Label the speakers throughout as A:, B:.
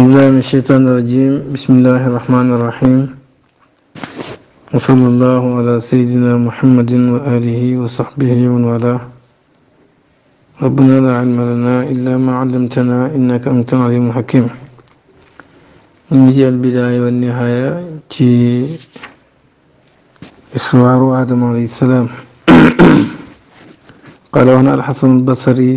A: بسم الله من الشيطان الرجيم بسم الله الرحمن الرحيم وصلى الله على سيدنا محمد وآله وصحبه ومن والاه ربنا لا علم لنا إلا ما علمتنا إنك أنت العليم الحكيم نجي البداية والنهاية في إسرار آدم عليه السلام قال وانا الحسن البصري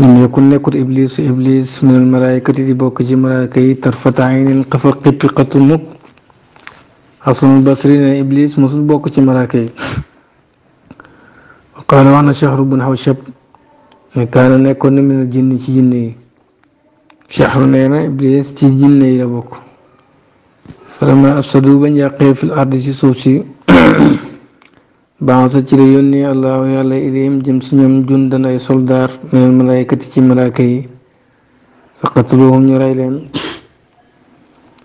A: لم يكن يكن إبليس إبليس من الملائكة بوكج ملائكة طرفة عين القفق قطنك حسن البصرين إبليس مصد بوكج ملائكة وقال وانا شهر بن حوشب كان نكون من الجن ci jinne yi shahru nee na iblis ci jinne yi la bokk falamma afsadu bañ yàqee fil bansa ci la yónnee allahu yàlla ilayhim jëm si ñoom jundan ay soldaar minal malaayikati ci malaaka yi fa qataluhum ñu rey leen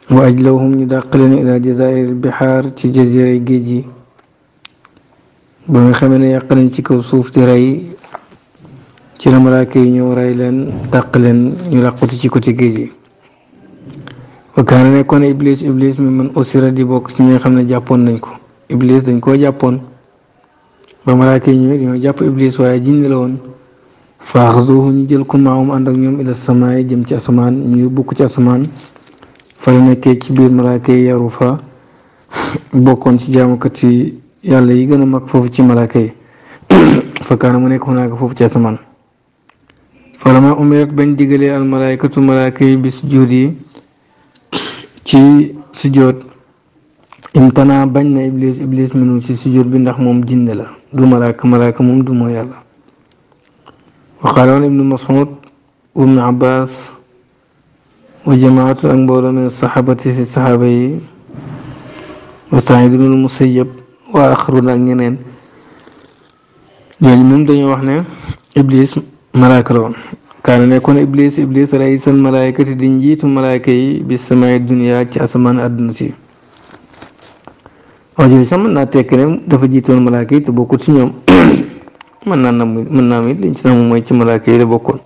A: wa ajlawhum ñu dàq leen ila jazair bihaar ci jazira géej yi ba nga xamee ne yàq nañ ci kaw suuf di rey ci la malaaka yi ñëw rey leen dàq leen ñu làquti ci côté géej yi wa kaana nekkoon iblis iblis mi man usira di bokk ci ñi nga xam ne jàppoon nañ ko iblis dañ koo jàppoon ba malaaka yi ñëwee dañoo jàpp iblis waaye jinne la woon fa ñu jël ko maawum ànd ak ñoom ila samaay jëm ci asamaan ñu yóbbu ko ci asamaan fa la ci biir malaaka yi fa bokkoon ci jaamukat yi yàlla yi gën a mag foofu ci malaaka yi fa kaana mu nekk hunaaka foofu ci asamaan fa lama umirat bañ digalee al malaaykatu malaaka yi ci sujjóot imtanaa bañ na iblis iblis minu ci sujur bi ndax moom jinne la du malaaka malaaka moom du moo yàlla wa qaaloon ibnu masud wa ibnu abbas wa jamaatu ak mbooloo min saxaabati si saxaaba yi wa saïd ibnu musayab wa axrun ak ñeneen ñooñu moom dañoo wax ne iblis malaaka la woon kaana nekkoon iblis iblis raisan malaayikati di njiitu malaayika yi bi samaay duniya ci asamaan àdduna si wax jooju sax mën naa tekki ne dafa jiitoon malaaka yi te bokkut si ñoom mën naa nam mën naa am it ci nam mooy ci malaaka yi la bokkoon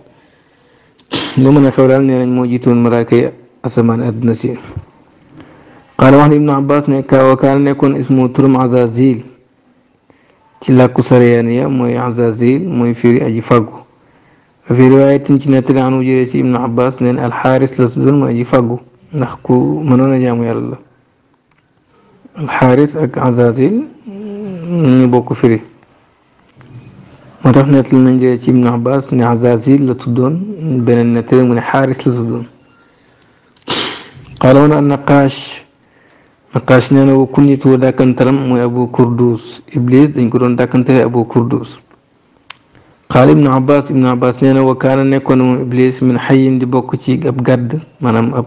A: lu mën a xew daal nañ moo jiitoon malaaka yi asamaan àdduna si qaala wax na ibnu abbas ne ka wa kaana nekkoon ismu turam azazil ci làkku saryaaniya mooy azazil mooy firi aji fàggu fi riwaayatin ci nettali anu jëlee si ibnu abbas neen alxaaris la tuddoon mooy aji fàggu ndax ku mënoon a jaamu yàlla la alxaaris ak azazil ñu bokk firi moo tax nettali nañ jëlee ci ibnu abbas ne azazil la tuddoon beneen nettali mu ne xaaris la tuddoon qaala woon an naqaash naqaash nee na wa kunnitu dàkkantaram mooy abu kurdus iblis dañ ko doon dàkkantale abu kurdus qaala ibnu abbas ibnu abbas nee na wa kaana nekkoon moom iblis min xayin di bokk ci ab gàdd maanaam ab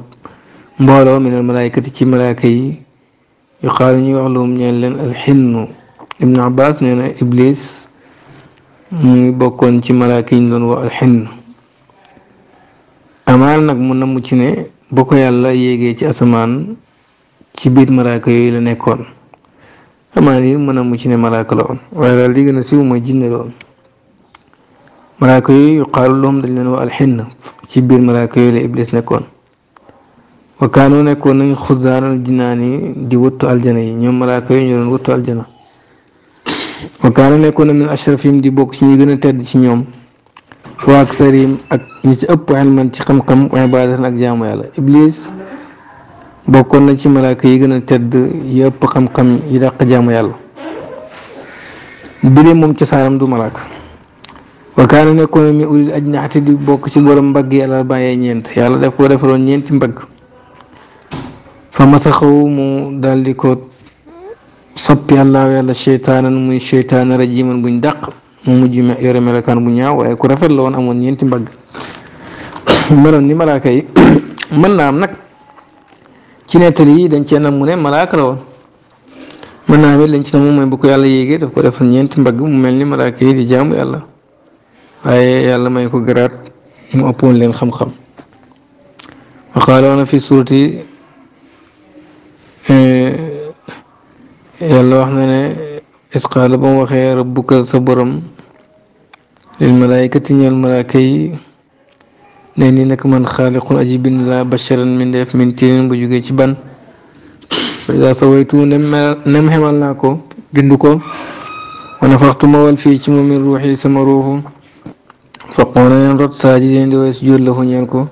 A: mbooloo min al malaayikati ci malaaka yi yuqaal ñuy wax loom ñeen leen alxinnu ibnu abbas nee na iblis mu ngi bokkoon ci malaaka loon ñu doon wax alxinn nag mun na mucc ne ba ko yàlla yéegee ci asamaan ci biir malaaka yooyu la nekkoon amaan yi mën a mucc ne malaaka la woon waaye daal siiw mooy jinne la woon malaaka yooyu yuqaalu loom dañ leen wax alxinn ci biir malaaka yooyu la iblis nekkoon wa kaanoo nekkoon nañ xuzaaral jinaan yi di wëttu aljana yi ñoom malaaka yi ñu doon wëttu aljana wa kaanoo nekkoon na min ashrafim di bokk ci ñi gën a tedd ci ñoom wa aksarim ak ñi ci ëpp ilman ci xam-xam wa yàlla iblis bokkoon na ci malaaka yi gën a tedd yi ëpp yi dàq jaamu yàlla bile moom ci saaram du malaaka wa kaanoo bokk ci borom mbagg yi àllarba ñeent yàlla daf ko defaloon ñeenti mbagg fa masaxawu mu daal di ko soppi àllaahu yàlla seytaanan muy seytaana rajiman buñ dàq mu mujj yore melokaan bu ñaaw waaye ku rafet la amoon ñeenti mbagg meloon ni malaaka yi mën am nag ci nettali yi dañ cee nam mu ne malaaka la woon mën naa am it lañ ci nam mooy bu ko yàlla yéegee daf ko ñeenti mbagg mu mel ni malaaka yi di jaamu yàlla waaye yàlla may ko garaat mu ëppoon leen xam-xam wa qaala fi surati Eh, yàlla wax na ne isqaala ba mu waxee rabbuka sa borom lil malaayikati ñeel malaaka yi ne nii nag man xaaliqun aji bind laa basharan min def min tiinin bu jógee ci ban fa idaa sawaytu nem xemal naa ko bind ko wa nafaxtu ma wal fii ci moom min ruuxi sama ruuxu fa qoona leen rot saaji leen di way sujjóot lahu ñeel ko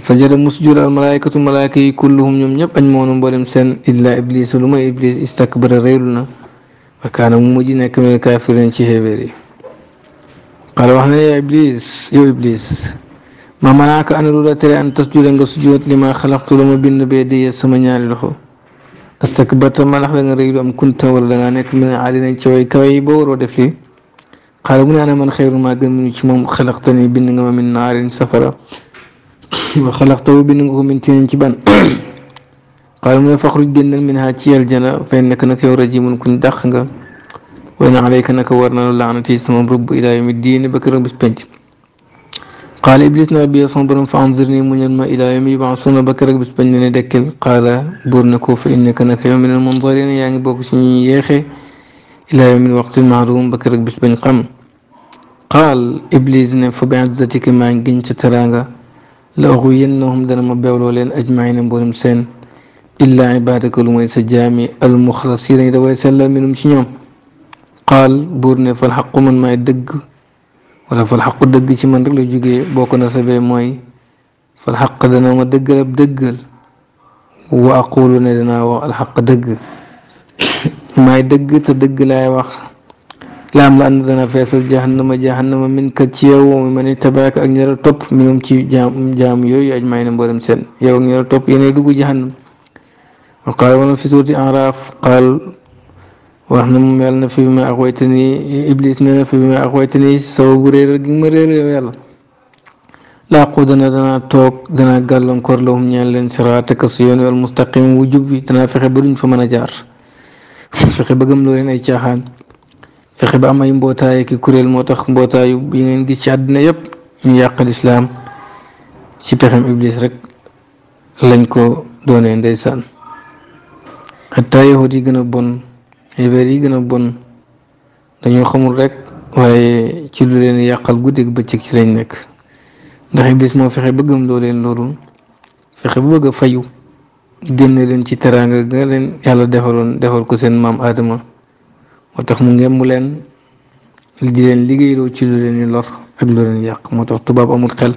A: sajada mu sujud al malaayikatu malaayika yi kulluhum ñoom ñëpp añ moonu mboolem seen illa iblis lu may iblis istakbara réerlu na kaana mu mujj nekk mel kaafirin ci xéewéer yi qaala wax na yow iblis ma manaaka ana lu la tere an tasjuda nga sujud li ma xalaqtu la ma bind bee diyee sama ñaari loxo astakbarta ma ndax da nga réylu am kunta wala da nekk min aalina ci way kawe yi boo waroo def lii qaala mu ne ana man xayru maa gën mu ci moom xalaqtani bind nga ma min naarin ما خلقته بنغه من تين تبان قال من فخر الجنة منها تي الجنة فإنك نكو رجيم كن دخنغا وإن عليك نكو ورنا اللعنة اسم رب إلى يوم الدين بكر بس بنت قال إبليس نبي صبر فأنظرني من الماء إلى يوم يبعثون بكر بس بنت ندكل قال برنكو فإنك نكو من المنظرين يعني بوكسين ياخي إلى يوم الوقت المعروم بكرك بس بن قم قال إبليس نفو بعزتك ما إن جنت ترانغا لأغوينهم دنا ما بيولولين أجمعين بولم سين إلا عبادك المويس جامي المخلصين إذا ويسلم منهم شنيوم قال بورني فالحق من ما يدق ولا فالحق دق شي من رلو جوجي بوكو نسبي موي فالحق دنا ما دقل بدقل وأقول لنا الحق دق ما يدق تدق لا يوخ laam la ànd dana feesal jahannama jahannama min ka ci yow moom ma ni tabaaka ak ñara topp minum ci jaam jaam yooyu aj may na mboolem seen yow ak ñara topp yéenay dugg jahannam wa qaal wana fi suurti Araaf wax na moom yàlla na fi ma axwaytani iblis na fi ma sababu réeral gi ma réer yow yàlla laaqu dana danaa toog danaa gàllankoor lahum ñaan leen siraataka si yoon wal mustaqim wu jub bi fexe ba duñ fa mën a jaar fexe ba gëm loo ay caaxaan fexe ba am ay mbootaay ki kuréel moo tax mbootaayu yi ngeen gis ci àddina yëpp ñu yàq lislaam ci pexem iblis rek lañ ko doonee ndeysaan xataa yahud yi gën a bon héber yi gën a bon dañoo xamul rek waaye ci lu leen yàqal guddeeg bëccëg ci lañ nekk ndax iblis moo fexe bëggam loo leen loolu fexe bu bëgg a fayu génne leen ci teraanga nga leen yàlla defaloon defal ko seen maam aadama moo tax mu ngemb leen di leen liggéeyloo ci lu leen lor ak lu leen yàq moo tax tubaab amul xel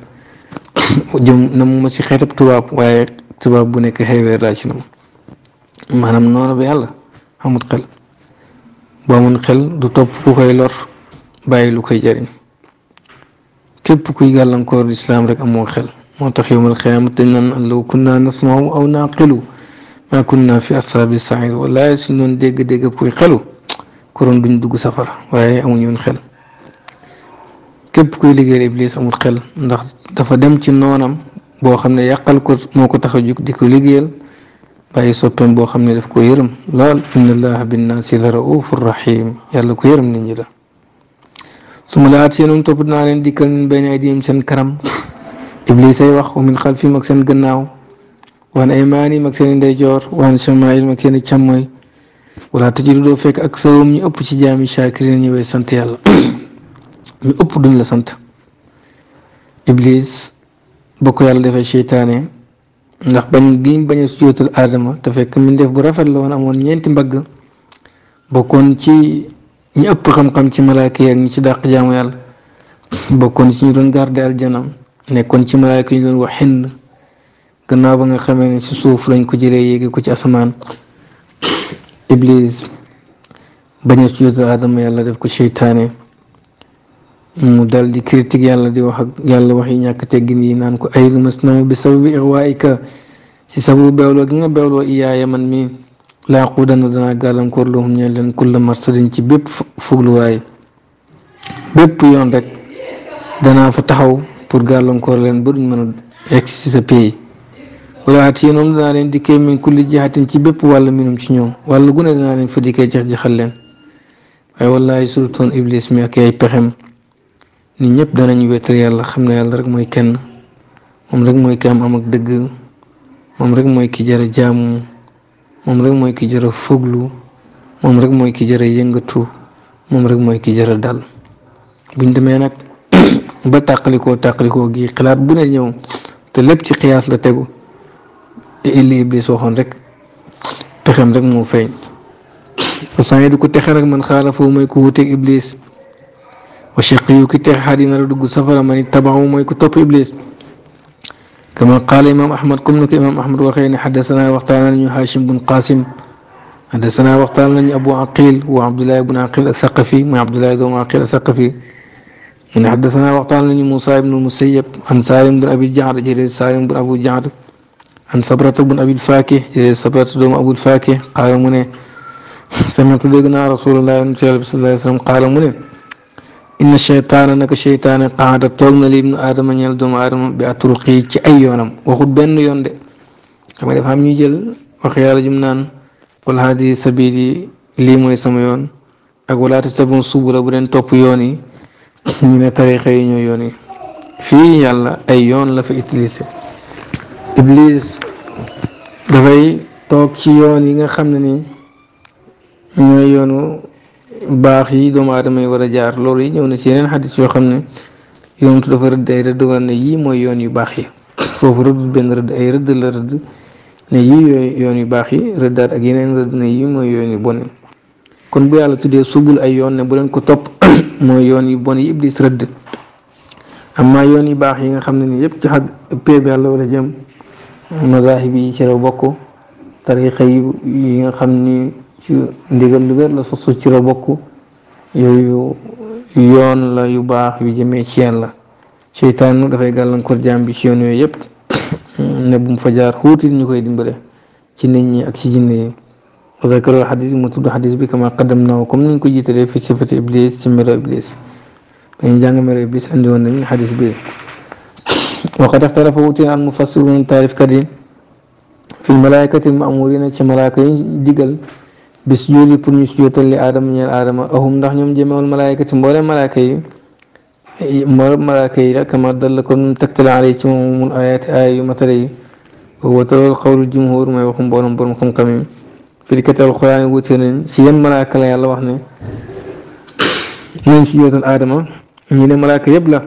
A: jëm na ma si xeetab tubaab waaye tubaab bu nekk xeeweer laa ci nam maanaam bi yàlla amul xel boo amul xel du topp ku koy lor bàyyi lu koy jariñ képp kuy gàllankoor lislaam rek amoo xel moo tax yowmal xiyaama dañ naan law kunna nasmau aw naaqilu maa kunna fi ashaabi sair walaay suñ doon dégg-dégg kuy xelu kuroon duñ dugg safara waaye amuñu woon xel képp kuy liggéeyal iblis amul xel ndax dafa dem ci noonam boo xam ne yàqal ko moo ko tax a jug di ko liggéeyal bàyyi soppeem boo xam ne daf ko yërëm lool inna allaha binnaasi la raufur rahim yàlla ko yërëm nit ñi la su ma laat seenum topp dinaa leen dikkal min bayni seen karam iblis ay wax wa min xalfihim ak seen gannaaw waan aymaanihim ak seen ndeyjoor waan shamaa'ilihim ak seen càmmooy wala tajidu doo fekk ak sawum ñu ëpp ci jaami shaakirina ñu way sant yàlla ñu ëpp duñ la sant iblis ba ko yàlla defee seytaane ndax bañ gi bañ a sujootal aadama te fekk min def bu rafet la woon amoon ñeenti mbagg bokkoon ci ñu ëpp xam-xam ci malaaka yi ak ñu ci dàq jaamu yàlla bokkoon ci ñu doon garde aljanam nekkoon ci malaaka yi doon wax xind gannaaw ba nga xamee ne suuf lañ ko jëlee yéegi ko ci asamaan iblis bañ a sujjóotal yàlla def ko seytaane mu dal di critique yàlla di wax ak yàlla wax yi ñàkk teggin yi naan ko ay lu mas namu bi sababi irwaayika si sababu beewloo gi nga beewloo iyaaya man mi laa quudana danaa gàllankoor loo xam ñeen leen kulla marsadin ci bépp fugluwaay bépp yoon rek danaa fa taxaw pour gàllankoor leen ba duñ mën a sa pays wala ati noonu danaa leen dikkee min kulli jihatin ci bépp wàll minum ci ñoom wàll gu ne danaa leen fa dikkee jax jaxal leen waaye wallaahi surtoon iblis mi ak ay pexem nit ñëpp ñu wéetal yàlla xam ne yàlla rek mooy kenn moom rek mooy ki am am ak dëgg moom rek mooy ki jara jaamu moom rek mooy ki jara foglu moom rek mooy ki jara yëngatu moom rek mooy ki jara dal buñ demee nag ba tàqalikoo tàqalikoo gi xalaat bu ne ñëw te lépp ci xiyaas la tegu li Iblis waxoon rek pexem rek moo feeñ fa saa du ko texe rek man xaaral foofu mooy ku wuteeg Iblis wa shaqiyu ki texe xaar yi nar a dugg safara man tabaxu mooy ku topp Iblis. kama qaala imaam Ahmad comme ni ko imaam Ahmad waxee ne xaddasanaa waxtaan nañu Hachim bun Qasim xaddasanaa waxtaan nañu Abu Aqil wa Abdullahi bun Aqil Asaqafi mooy Abdullahi doomu Aqil Asaqafi mu ne xaddasanaa waxtaan nañu Moussa ibnu Musayyab an Saalim bun Abi Jaad jëree Saalim bun Abu Jaad an sabrata bun abil faakih jëlee sabrata doomu abul faakih qaala mu ne samitu dégg naa rasulullah yonent yàlla bi sallallahu alayhi mu ne inna cheytaana naka cheytaane qaada toog na li ibnu aadama ñeel doomu aadama bi atruqi ci ay yoonam waxut benn yoon de xam nga dafa am ñuy jël wax yàlla jum naan qul haadihi sabiili lii mooy sama yoon ak walaa tattabi'u subula bu leen topp yoon yi ñu ne tarixa yoon fii yàlla ay yoon la fa iblis dafay toog ci yoon yi nga xam ne ni ñooy yoonu baax yi doomu aadama yi war a jaar loolu yi ñëw na si yeneen xadis yoo xam ne yontu dafa rëdd ay yii mooy yoon yu baax yi foofu rëdd benn rëdd ay rëdd la rëdd ne yii yoon yu baax yi rëddaat ak yeneen rëdd ne yii mooy yoon yu bon yi kon bu yàlla tuddee subul ay yoon ne bu leen ko topp mooy yoon yu bon yi iblis rëdd amaa yoon yu baax yi nga xam ne nii yëpp ci xag péeb yàlla a jëm mazahib yi ci la bokk yi nga xam ni ci ndigal lu wér la sosu ci la bokk yooyu yoon la yu baax yu jëmee ci yeen la seytaanu dafay gàllankoor jaam bi ci yoon yooyu yëpp ne bu mu fa jaar xuuti ñu koy dimbale ci nit ñi ak ci jinne yi wazakaral xadis mu tudd xadis bi kama qaddam naa comme ni ñu ko jiitalee fi sifati iblis ci melo iblis dañuy jàng melo iblis andi woon nañu xadis bi waqad ixtalafa wuute naan mufassirun taarifkat yi fi malaayikati maamurina ci malaaka yi digal bi sujjóot yi pour ñu sujjóotal li aadama ñeel aadama ahum ndax ñoom jëmewul malaayikati mboolem malaaka yi mboolem malaaka yi la kama dalla kon tegtale alay ci moom mun ayaati aaya yu matale yi watalool qawlu jumhur mooy waxu mboolem borom xam-xam yi firkati alxuraan yi wuute nañ ci yan malaaka la yàlla wax ne nañ sujjóotal aadama ñu ne malaaka yëpp la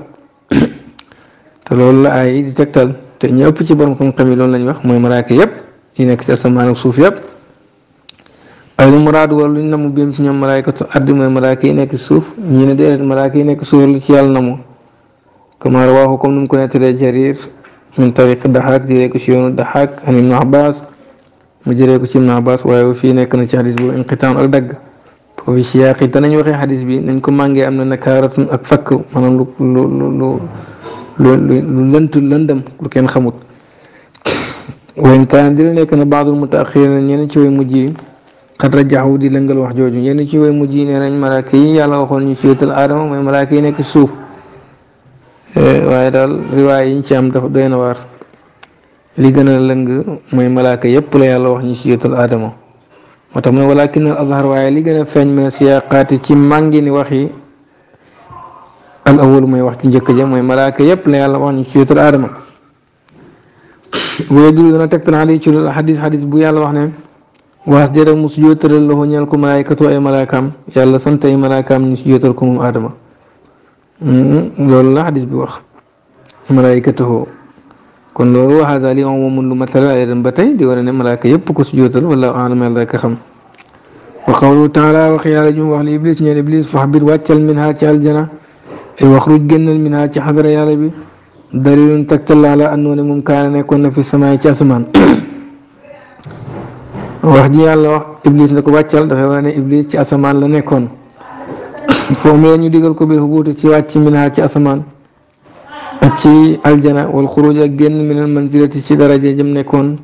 A: te loolu la ay di tegtal te ñu ëpp ci borom xam-xam yi loolu lañuy wax mooy malaaka yëpp yi nekk ci asamaan ak suuf yëpp ay lu muraad wala luñ namu biim ci ñoom malaakatu addi mooy malaaka yi nekk ci suuf ñi ne déedéet malaaka yi nekk suuf la ci yàlla namu kama rawaahu comme nu mu ko nettalee jarir min tariq daxaak jëree ko ci yoonu daxaak an ibnu mu jëree ko ci ibnu abbas waaye fii nekk na ci xadis boobu inqitaan ak dagg bi nañ ko màngee am na nakaaratun ak fakk maanaam lu lu lu lu lënt lëndëm lu kenn xamut wayn kaan dina nekk na baadul mutaaxirina ñenn ci way mujj yi xat rajaxu di lëngal wax jooju ñenn ci way mujj yi nee nañ malaaka yi yàlla waxoon ñu féetal aadama mooy malaaka yi nekk ci suuf waaye daal riwaay yi ci am dafa doy na waar gën a lëng mooy malaaka yépp la wax ñu féetal aadama moo tax mooy al azhar waaye li gën a feeñ mën a siyaqaati ci màngi ni wax yi al awal mooy wax ci njëkk ja mooy malaaka yëpp la yàlla wax ñu ci yóotal aadama waaye dana tegtal ali ci xadis bu yàlla wax ne waas dara mu su yóotalal loxo ñeel ko malaayikatu ay malaakaam yàlla sant ay malaakaam ñu si ko moom aadama hmm, loolu la xadis bi wax malaayikatuhu kon loolu waxaasa li moom mun lu matal ay dem di wane ne malaaka yëpp ko su yóotal a wax yàlla ñu wax li iblis ñeen iblis faxbir wàccal min ha ci waxruj génnal minaa ci xadara yàlla bi dalilun tegtal laa la àndoon ne moom kaana nekkoon na fi samaay ci asamaan wax ji yàlla wax iblis na ko wàccal dafay wane ne iblis ci asamaan la nekkoon foo mee ñu digal ko bil xubuuti ci wàcc minaa ci asamaan ci aljana wal xuruj ak génn minal manzilati ci daraje jëm nekkoon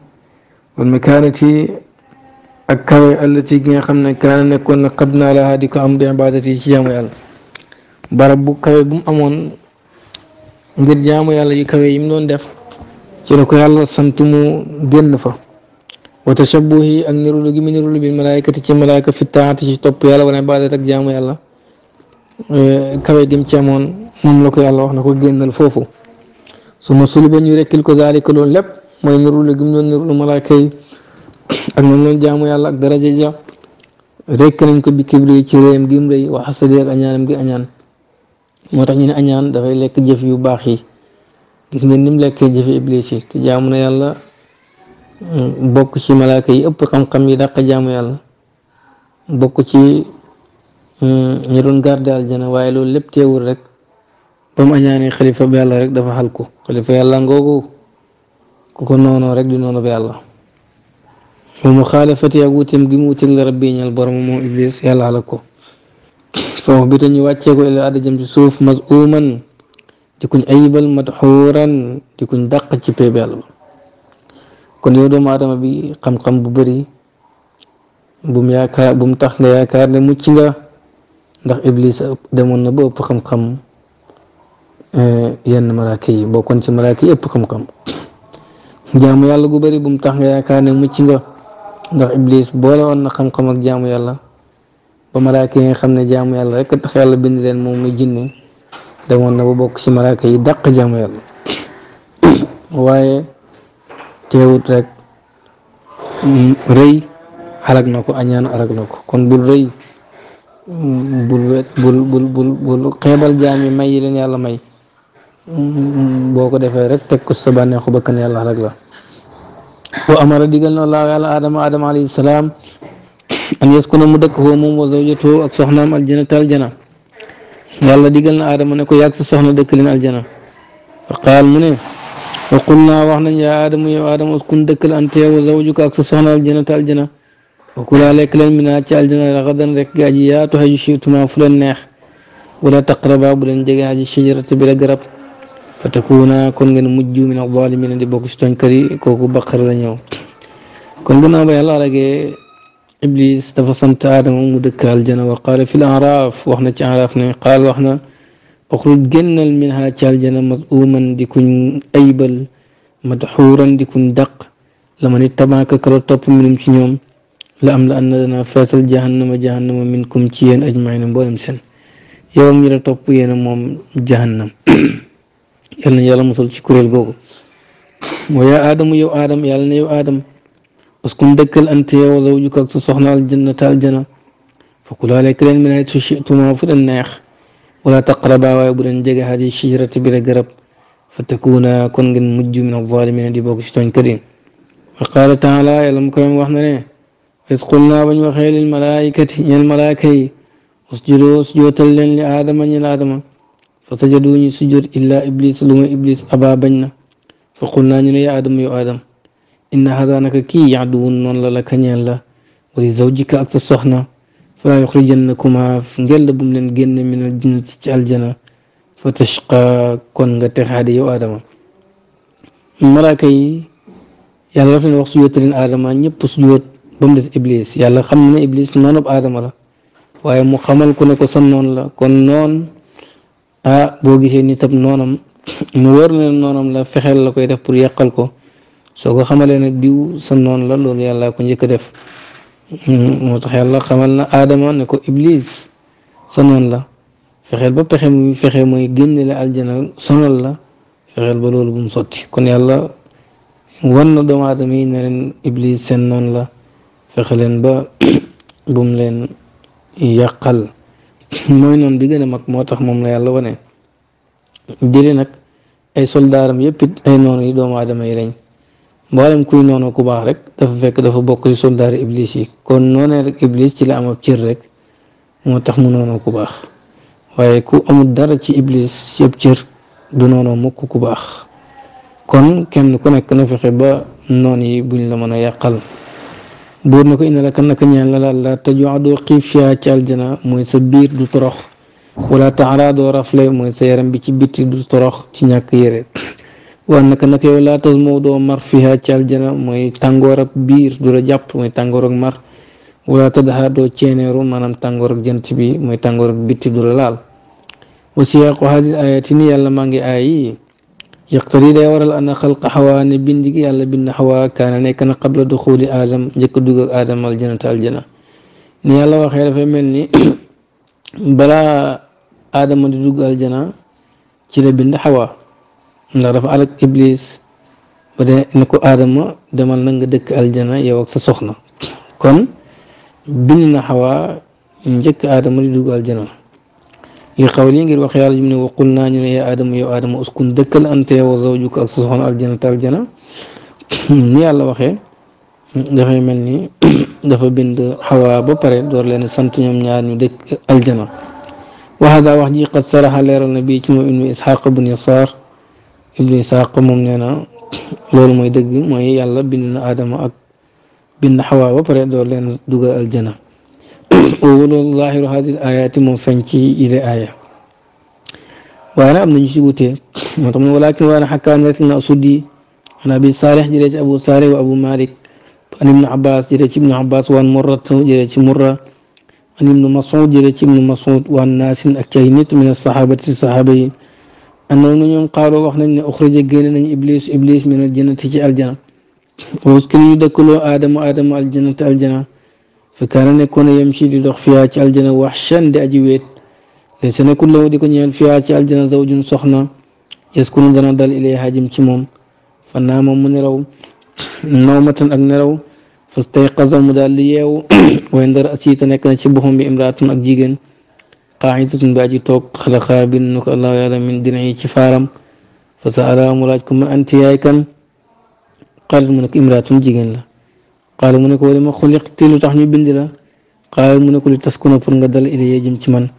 A: wal makaanati ak kawe allati gi nga xam ne kaana nekkoon na xad naa laa di ko am di ibaadati ci jaamu yàlla bara bu kawe bu amoon ngir jaamu yàlla yi kawe yi mu doon def ci la ko yàlla sant mu génn fa wa tashabuhi ak nirulu gi mu nirulu bi malaayikati ci malaayika fi taati ci topp yàlla wala ibadat ak jaamu yàlla e, kawe gi mu ci amoon moom la ko yàlla wax na ko génnal foofu su ma sulu ba ñu rekkil ko zaalika loolu lépp mooy nirulu gi mu doon nirulu malaayika yi ak ñoom doon jaamu yàlla ak daraja ja rekk nañ ko bi kibri ci réyam gi mu rëy wa xasadi ak añaanam gi añaan moo tax ñu ne añaan dafay lekk jëf yu baax yi gis ngeen ni lekkee jëfi iblis yi te jaamu na yàlla bokk ci malaaka yi ëpp xam-xam yi dàq jaamu yàlla bokk ci mm, ñu doon garde aljana waaye loolu lépp teewul rek ba mu añaanee xalifa bi yàlla rek dafa xal ko xalifa yàlla ngoogu ku ko noonoo rek di noonu bi yàlla mu mu xaalifati ak wutim gi mu wutim la rabbi ñal borom moo iblis yàlla xalak ko foofu bi dañu wàccee ko ila ada jëm ci suuf masuuman di kuñ aybal madxuuran di kuñ dàq ci péeb ba kon yow doomu aadama bi xam-xam bu bëri bum yaakaar bum tax nga yaakaar ne mucc nga ndax iblis demoon na ba ëpp xam-xam yenn maraaka yi bokkoon ci maraaka yi ëpp xam-xam jaamu yàlla gu bëri bum tax nga yaakaar ne mucc nga ndax iblis boole woon na xam-xam ak jaamu yàlla ba malaaka yi nga xam ne jaamu yàlla rek tax yàlla bind leen moom muy jinne demoon na ko bokk ci malaaka yi dàq jaamu yàlla waaye teewut rek rëy xalag na ko añaan xalag na ko kon bul rëy bul wet bul yi may yi leen may boo ko defee rek teg ko sa bànneexu bakkan yàlla xalag la wa amara digal na laaw yàlla adama adama alayhi salaam an yaskuna mu dëkk ko moom wa zawjatoo ak soxnaam aljana te aljana yàlla digal na aadama ne ko yàgg sa soxna dëkk leen aljana fa qaal mu ne ko qulnaa wax nañ yaa aadama yow aadama uskun dëkkal ante wa zawjuka ak sa soxna aljana te aljana wa kulaa lekk leen minaa ci aljana ragadan rek gaa ji yaatu xaju shiituma fu leen neex wala taqraba bu leen jege xaju shajarata bi la garab fa takuuna kon ngeen mujj min adaalimina di bokk si tooñkat yi kooku baqara la ñëw kon gannaaw ba yàlla ابليس تفصمت ادم ومدك الجنه وقال في الاعراف وحنا تعرفنا قال واحنا اخرج جنا من هاتش الجنه مظلوما ديكون ايبل مدحورا ديكون دق لمن اتبعك كرتوب من يوم لأملا أن لنا فاصل جهنم جهنم منكم تيان أجمعين بولم سن يوم يرى طبوين موم جهنم يلن يلن مصل شكور الغوغو ويا آدم يو آدم يلن يو آدم اسكن دكل انت وزوجك تصحنا الجنة الجنة فكلا لكلين من حيث شئتما وفد النخ ولا تقربا ويبرن جاك هذه الشجرة بلا قرب فتكونا كن مج من الظالمين دي بوكشتون كريم وقال تعالى يلم كيم وحنا ليه إذ قلنا بني وخيل الملائكة يا الملائكة اسجدوا سجوتا لن لآدم يا آدم فسجدوني سجود إلا إبليس لما إبليس أبا بنا فقلنا يا آدم يا آدم inna hada naka kii yaaduwun noonu la la kañeel la wali zawjika ak sa soxna falaa yuxrijannakuma ngel la bum leen génne min al jannati ci aljana fa tashqa kon nga texaade yow aadama malaaka yi yàlla daf leen wax su yóotaleen aadama ñëpp su yóot ba mu des iblis yàlla xam ne iblis noonu aadama la waaye mu xamal ku ne ko sa noon la kon noon ah boo gisee ni tam noonam mu wóor ne noonam la fexeel la koy def pour yàqal ko soko xamalé ne diw sa non la loolu yàlla ko njëkk def mo tax yàlla xamal na aadama ne ko iblis sa non la fexeel ba pexe muy fexe mooy génne la aljana sonal la fexeel ba loolu bu mu sotti kon yàlla wan na doomu aadama yi ne leen iblis seen non la fexe leen ba bu mu leen yàqal mooy noon bi gën a mag moo tax moom la yàlla wane jële nag ay soldaram yëpp it ay noonu yi doomu aadama yi lañ mboolem kuy noonu ku baax rek dafa fekk dafa bokk ci soldaar iblis yi kon noonee rek iblis ci la am ab cër rek moo tax mu noonu ku baax waaye ku amul dara ci iblis ci ab cër du noonu mukk ku baax kon kenn ku nekk na fexe ba noon yi buñ la mën a yàqal buur na ko indi la kan naka ñaan la laal la te jox doo xiif yaa ci aljana mooy sa biir du torox wala taxaraa doo rafle mooy sa yaram bi ci bitti du torox ci ñàkk yére waa naka naka yow laa tas moo doo mar fiha ci aljana mooy tàngoor ak biir du la jàpp mooy tàngoor ak mar wala tadaha doo ceeneeru maanaam tàngoor ak jant bi mooy tàngoor ak bitti du laal wa siyaaqu haadi ayati ni yàlla maa ngi aay yi yaqtari day waral ana xalqa xawaa ne bind gi yàlla bind xawaa qabla duxuli aadam njëkk dugg ak aadam aljanata ni yàlla waxee dafay mel ni balaa aadama di dugg aljana ci la bind xawaa ndax dafa alak iblis ba de ne ko aadama demal na nga dëkk aljana yow ak sa soxna kon bin na xawaa njëkk aadama di dugg aljana yi xaw lii ngir wax yàlla jum ne waqul naa ñu ne ya aadama yow aadama uskun dëkkal ante wa zawjuka ak sa soxna aljana te aljana ni yàlla waxee dafay mel ni dafa bind xawaa ba pare door leen sant ñoom ñaar ñu dëkk aljana wa hada wax ji qad saraxa leeral na bii ci moom ibnu isxaq bun yasaar Iblis Saq moom nee na loolu mooy dëgg mooy yàlla bind na Adama ak bind Xawaa ba pare door leen dugal aljana woowu loolu zaahiru haadil moom feeñ ci yile aaya waaye nag am nañu si wutee moo tax mu ne walaakin waaye nag xakkaan rek na suddi an abi saalix jëlee ci abu saalix wa abu malik an ibnu abbas jëlee ci ibnu abbas waan murrat jëlee ci murra an ibnu masud jëlee ci ibnu masud waan naasin ak cay min asaxaabati saxaaba yi انهم نيوم قالوا واخنا ان اخرج جينا ان ابليس ابليس من الجنة تجي الجنة ومسكن يدكلو ادم ادم الجنة الجنة فكان يكون يمشي يدخ فيها تجي الجنة وحشا دي اجي ويت ليس نكون له ديكو نيال فيها تجي الجنة زوج سخنا يسكن دنا دال الى هاجم تيموم فنام من رو نومة اك نرو فاستيقظ المدالية وين در اسيتا نكنا تشبهم بامرات اك جيجن qaaxidatun bi aji toog xalaqa bind ko allahu yàlla min dinayi ci faaram fa saala mu laaj ko man anti yaay kan qaalat mu ne ko imraatun jigéen la qaala mu ne ko wala ma xuliqti lu tax ñu bind la qaala mu ne ko li taskuna pour nga dal ilayya jëm ci man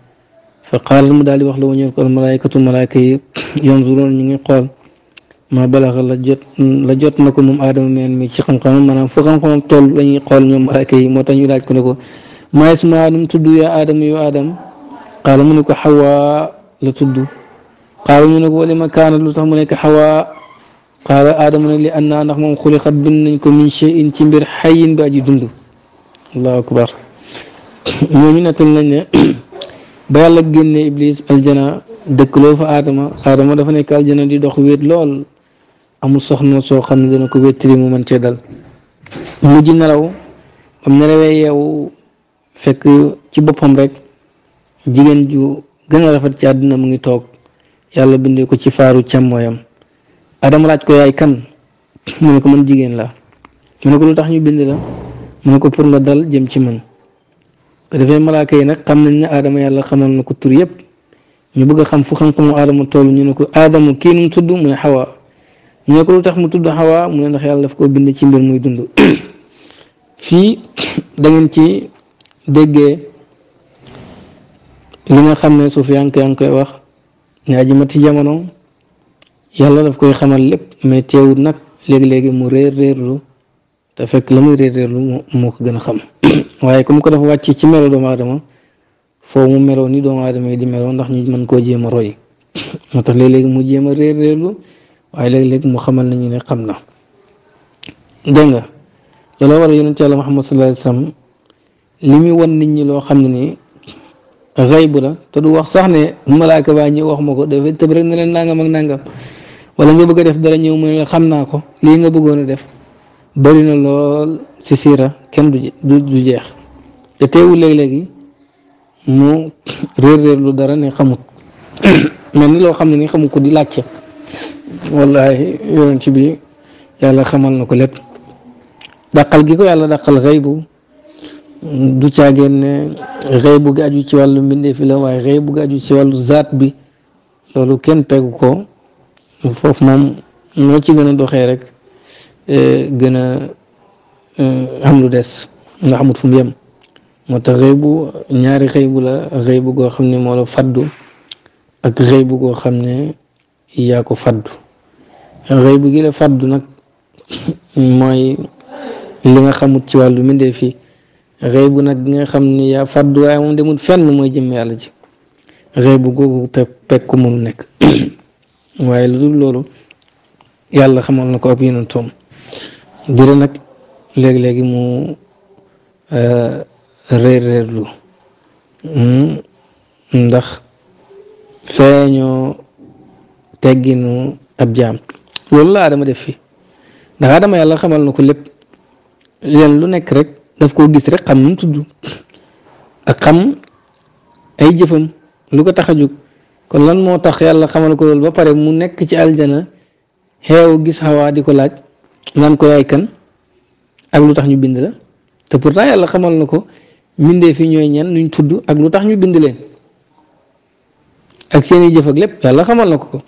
A: fa qaalat mu daal di wax la wañeen ko almalaykatu malaayka yi yanzuroon ñu ngi xool ma balaxa la jot la jot na ko moom aadama meen mi ci xam-xamam maanaam fu xam-xamam toll lañuy xool ñoom malaayka yi moo ta ñu laaj ko ne ko maay suma num قال منك حواء لتد قال منك ولما كان لتهم لك حواء قال آدم لأن نحن خلقت بنك من شيء تمر حي باجي دند الله أكبر مؤمنة لنا بيالا جنة إبليس الجنة دكلو في آدم آدم دفن قال جنة دي دخو ويت لول أمو سخنا سوخن دي نكو ويت تريمو من چدل مجي نراو أم نراو يو فكو چي بفهم رك jigéen ju gën a rafet ci àddina mu ngi toog yàlla bindee ko ci faaru càmmooyam Adam laaj ko yaay kan mu ne ko man jigéen la mu ne ko lu tax ñu bind la mu ne ko pour nga dal jëm ci man bu defee malaaka nag xam nañ ni Adama yàlla xamal na ko tur yëpp ñu bëgg a xam fu xam-xamu Adama toll ñu ne ko Adama kii nu mu tudd mu ne Hawa ñu ne ko lu tax mu tudd Hawa mu ne ndax yàlla daf koo bind ci mbir muy dund fii da ci déggee. li nga xam ne suuf yaa ngi koy koy wax ne aji mat ci jamono yàlla daf koy xamal lépp mais teewut nag léegi-léegi mu réer réerlu te fekk la muy réer réerlu moo ko gën a xam waaye comme ko dafa wàcc ci melo doomu aadama foo mu meloo ni doomu aadama yi di meloo ndax ñu mën koo jéem a roy moo tax léeg-léegi mu jéem a réer réerlu waaye léeg-léeg mu xamal nañu ne xam na dégg nga looloo war a yonent yàlla Muhammad sallallahu alayhi li muy wan nit ñi loo xam ne nii xaybu la te du wax sax ne ka baa ñëw wax ma ko dafa tëb rek ne leen nangam ak nangam wala nga bëgg a def dara ñëw mu ne la xam naa ko lii nga bëggoon a def bëri na lool si siira kenn du du jeex te teewul léeg-léegi mu réer réer lu dara ne xamut mel ni loo xam ne ni xamu ko di laajte wallahi yonent bi yàlla xamal na ko lépp dàqal gi ko yàlla dàqal xaybu du caageen ne xëy bu aju ci wàllu mbindeef la waaye xëy bu aju ci wàllu zaat bi loolu kenn pegu ko foofu moom noo ci gën a doxee rek e, gën a e, am lu des nga xamut fu mu yem moo tax xëy bu ñaari xëy la xëy goo xam ne moo la faddu ak xëy bu goo xam ne yaa ko faddu xëy bu gi la faddu nag mooy li nga xamut ci wàllu mbindeef fi xëy bu nag nga xam ni yaa fàddu waaye moom demul fenn mooy jëm yàlla ji xëy bu googu pe pekku nekk waaye lu dul loolu yàlla xamal na ko ab yeneen toom jure nag léegi-léegi mu réer euh, réerlu hmm? ndax feeñoo tegginu ab jaam loolu la Adama def fi ndax Adama yàlla xamal na ko lépp leen lu nekk rek. daf koo gis rek xam nu mu tudd ak xam ay jëfam lu ko tax a jóg kon lan moo tax yàlla xamal ko loolu ba pare mu nekk ci aljana xeew gis xawaa di ko laaj naan ko yaay kan ak lu tax ñu bind la te pourtant yàlla xamal na ko mbindee fi ñooy ñan luñ tudd ak lu tax ñu bind leen ak seeni jëf ak lépp yàlla xamal na ko ko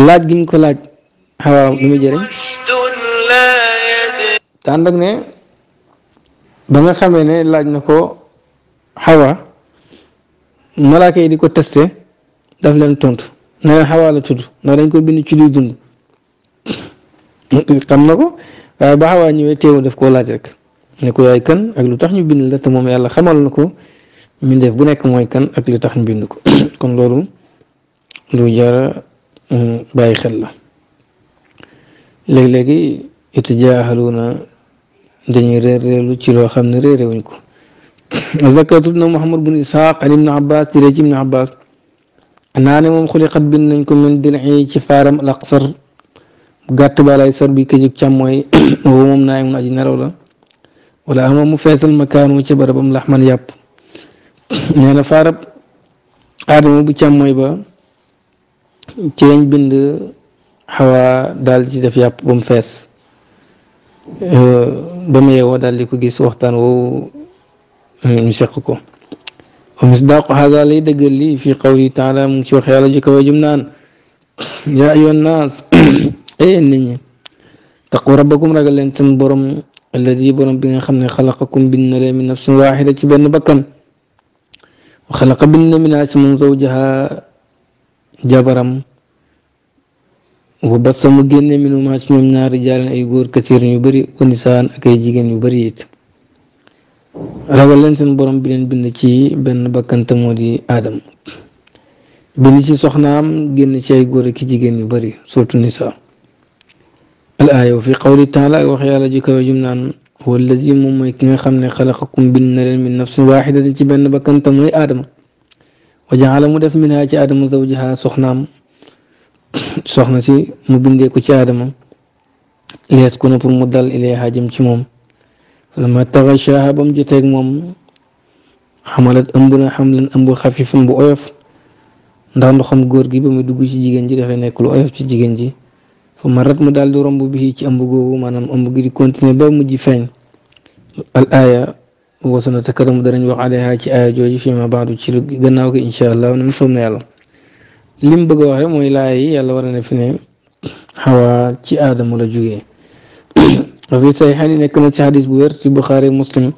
A: laaj gi mu ko laaj xawaa lu jëriñ te ànd ak ne ba nga xamee ne laaj na ko xawa malaaka yi di ko teste daf leen tontu na leen xawa la tudd ndax dañ ko bind ci luy dund xam na ko waaye ba xawa ñëwee teewu daf koo laaj rek ne ko yaay kan ak lu tax ñu bind la te moom yàlla xamal na ko mbindeef bu nekk mooy kan ak lu tax ñu bind ko kon loolu lu jara mm, bàyyi xel la léeg-léegi it jaaxalu na dañuy réer réerlu ci loo xam ne réeré wuñ ko zakartu na Muhammad bun Ishaq an ibn Abbas jëlee ci ibn Abbas naa ne moom xuliqat bind nañ ko mu dilxi ci faaram al aqsar gàtt balay sar bi këjug càmmooy woo moom naa mun aji neraw la wala ama mu feesal makaanu ca barabam laxman yàpp nee na faarab aadama bu càmmooy ba ceeñ bind xawaa daal ci def yàpp ba mu fees ba euh, mu yeewoo daal di ko gis waxtaan woowu euh, ñu seq ko wa misdaaqu hada li dëggal lii fi qawli taala mu ci wax yàlla ji kawe jum naan yaa ayyuhan naas ay nit ñi taqu rabbakum ragal leen seen borom alladi borom bi nga xam ne xalaqakum bind na leen min nafsin waaxida ci benn bakkan wa xalaqa bind na minhaa si moom zawjaha jabaram وبس مجنن من ماش من نار رجال ايغور كثير يبري ونساء اكاي جيجن يبريت رغلن سن بروم بنين بنتي بن بكنت مودي ادم بنتي سخنام ген سي ايغور كي جيجن يبري صوت نساء الآية وفي قول تعالى وخي على جيكو جمنان هو الذي مميك خمني خلقكم بالنر من نفس واحدة تبن بكنت مودي ادم وجعل مدف منها جي ادم زوجها سخنام soxna si mu bindee ko ci aadama lees ko na pour mu dal ilayha jëm ci moom falamma taxashaha ba mu joteeg moom xamalat ëmb na xamlan ëmb xafifan bu oyof ndax ndoxam góor gi ba muy dugg ci jigéen ji dafay nekk lu oyof ci jigéen ji fa marat mu daal di romb bi ci ëmb googu maanaam ëmb gi di continuer ba mujj feeñ al aaya wasanata karamu danañ wax alayha ci aaya jooju fi ma baadu ci lu gannaaw ko incha allah na mu soom na yàlla lim bëgg a wax rek mooy laay yi yàlla war na ne fi ne xawaa ci aadama la jógee fi saxiixaan yi nekk ci xadis bu wér ci buxaari muslim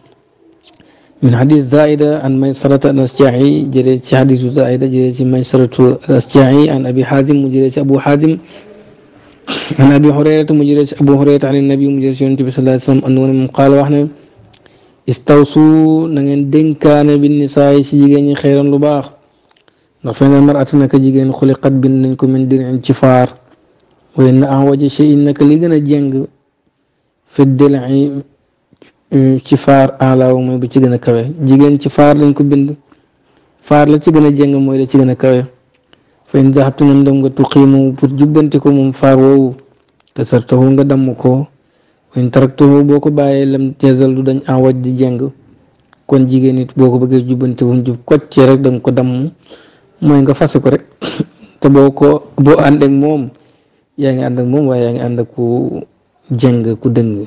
A: min xadis zaida an maysarata al asjaaci jëlee ci xadisu zaida jëlee ci maysaratu al asjaaci an abi xaasim mu jëlee ci abu xaasim an abi xurayrata mu jëlee ci abu xurayrata an nabi mu jëlee ci yonent bi sallallahu alayhi wasallam annahu moom qaala wax ne istawsu na ngeen bi nisaa ci jigéen ñi xeyran lu baax ndax fa inal naka jigéen xuliqat bind nañ ko min dirin ci faar waaye na am waje shay naka li gën a jeng fi dilin ci faar alaaw mooy bu ci gën a kawe jigéen ci faar lañ ko bind faar la ci gën a jeng mooy la ci gën a kawe fa in zahabta nam tuqiimu pour jubbanti ko moom faar woowu kasartahu nga damm ko wa in taraktahu boo ko bàyyee lam yazal du dañ en di jeng kon jigéen it boo ko bëggee jubbanti bu jub kocc rek danga ko damm moy nga fase ko rek té boko ko boo ak mom, ya ngi ande ak mom waaye yaa ngi ànd ku jeng ku deung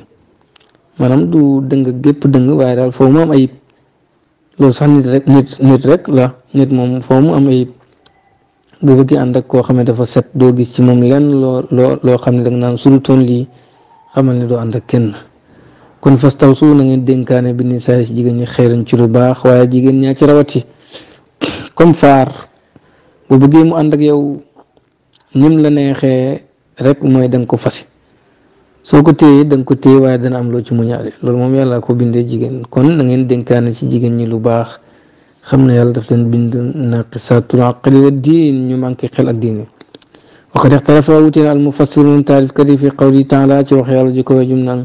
A: manam du deung gep deung waaye dal fo mom ay lo sax nit rek nit nit rek la nit mom fo mom am ay boo bëgg ànd ak dafa set doo gis ci mom lén lo lo lo xamné ne nan suñu ton li xamal ni do ànd ak kenn kon fas na ngeen dénkaane bi ni saay ci jigéen ñi xeeran ci lu baax waye jigéen ñi ci rawati comme faar bu bëggee mu ànd ak yow nim la neexee rek mooy da nga ko fas soo ko téyee da nga ko téye waaye dana am loo ci muñaale loolu moom yàlla ko bindee jigéen kon na ngeen dénkaane ci jigéen ñi lu baax xam na yàlla daf leen bind naqisatul aqli wa diin ñu manqué xel ak diine waqad ixtalafa wutina al mufassirun taalif kati fi qawlihi taala ci wax yàlla ji ko nan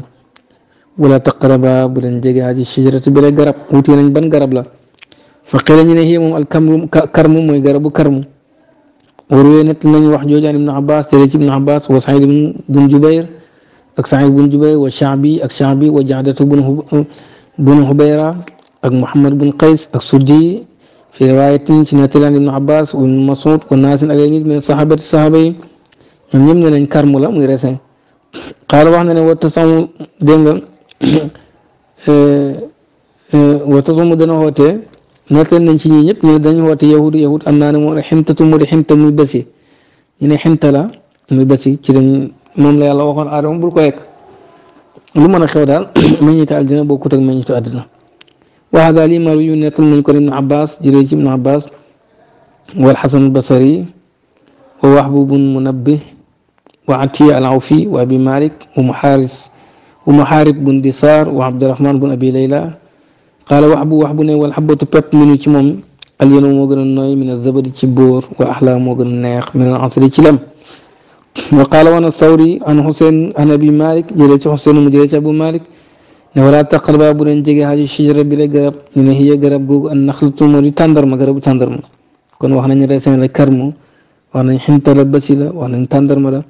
A: wala taqraba bu leen jege aji shijrat bi rek garab wuti nañ ban garab la fa xile ñu ne hii moom al karmu mooy garabu karmu warwee nett nañu wax joojaan ibnu abbas téré ci ibnu abbas wa saïd bun jubayr ak saïd bun jubayr wa shaabi ak shaabi wa jahdatu bun hubayra ak muhammad bun qays ak surdi fi riwaayatin ci nettilaan ibnu abbas wa ibnu masud wa naasin ak ay nit min sahabati sahaba yi ñoom ñëpp ne nañ karmu la muy resin xaala wax na ne wa tasamu dégg nga euh, euh, wa tasamu dana xootee nettali nañ ci ñii ñëpp ñu ne dañu woote yahud yahud am naa ne moo ximtatu mu di ximta muy bési ñu ne ximta la muy ci dañ moom la yàlla waxoon aadama ko yekk lu mën a xew daal meññitu àddina bokkut ak meññitu àddina wa hada li mar nettal nañ ko ibnu abbas jëlee ci abbas wal xasan basari wa waxbubun munabbi wa atiya al awfi wa abi malik wa muxaaris wa muxaarib bun disaar wa abdurahman bun abi layla xaala wax bu wax bu ne wal xabatu pepp minu ci moom alyanu moo gën a nooy min azabadi ci bóor wa axla moo gën a neex min al asri ci lem wa qaala wana sawri an xusein an abi malik jëlee ci xusein mu jëlee ci abu malik ne wala taqarba bu leen jege xaaju shijara bi la garab ñu ne xiya garab googu an naxlatu moo di tàndarma garabu tàndarma kon wax nañ raisin la karmu wax nañ xinta la basi la wax nañ tàndarma la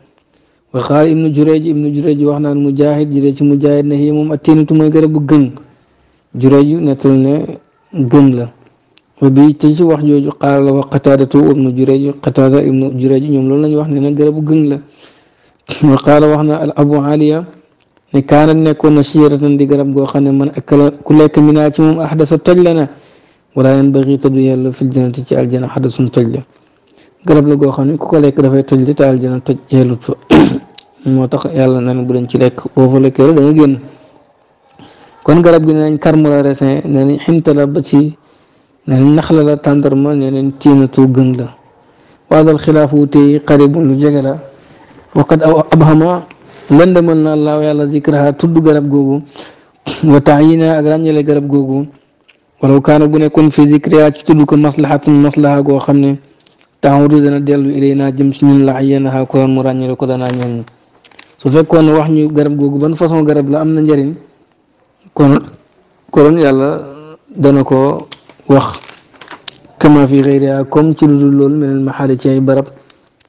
A: wa qaala ibnu jurej ibnu jurej wax naan mujahid jëlee ci mujahid ne xiya moom attéenatu mooy garabu gëng Jurayj ju ne gëm la ba bii te ci wax jooju xaaral la wax qataadatu ibnu ju qataada ibnu Jurayj ñoom loolu la wax ne na garabu gën la wa qaala wax na al abu aliya ne kaanat nekkoon na shiyaratan di garab goo xam ne man akala ku lekk minaa ci moom ahdasa toj la na wala yan bëri te du yàlla fil jannati ci aljana ahdasun toj la garab la goo xam ne ku ko lekk dafay toj la te aljana toj yellut fa moo tax yàlla na bu dañ ci lekk boo fa lekkee da nga génn. kon garab gi nee nañ karmu la resin nee nañ ximta la ba ci nee nañ nax la la tàndarma nee nañ tiinatu gën la waadal xilaafu wutee qaribun lu jege la waqad abhama lëndamal na allahu yàlla zikraha tudd garab googu wa taayina ak ràññale garab googu walaw kaana bu nekkoon fi zikriha ci tudd ko maslahatun maslaha goo xam ne taawdu dana dellu ilay naa jëm si ñun la ayyanaha ko doon mu ràññale ko danaa ñeen su fekkoon wax ñu garab googu ban façon garab la am na njëriñ kon kon yàlla dana ko wax kama fi xëyriha comme ci lu dul loolu meneen maxaari ci ay barab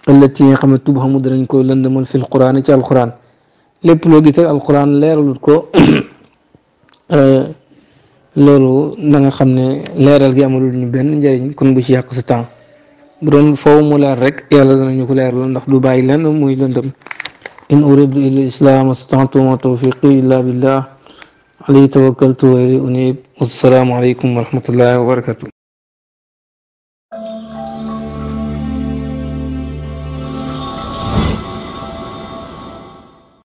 A: ëllëg ci nga xam ne tubhamu danañ ko lëndamal fi alquran ci alquran lépp loo gis rek alquran leeralut ko euh, loolu nanga xam ne leeral gi amalul ñu benn njëriñ kon bu ci yàq sa temps bu doon foofu mu leer rek yàlla danañu ko leeralal ndax du bàyyi lenn muy lëndam in uridu illa islam astata'tu ma tawfiqi illa billah عليه توكلت وإليه أنيب والسلام عليكم ورحمة الله وبركاته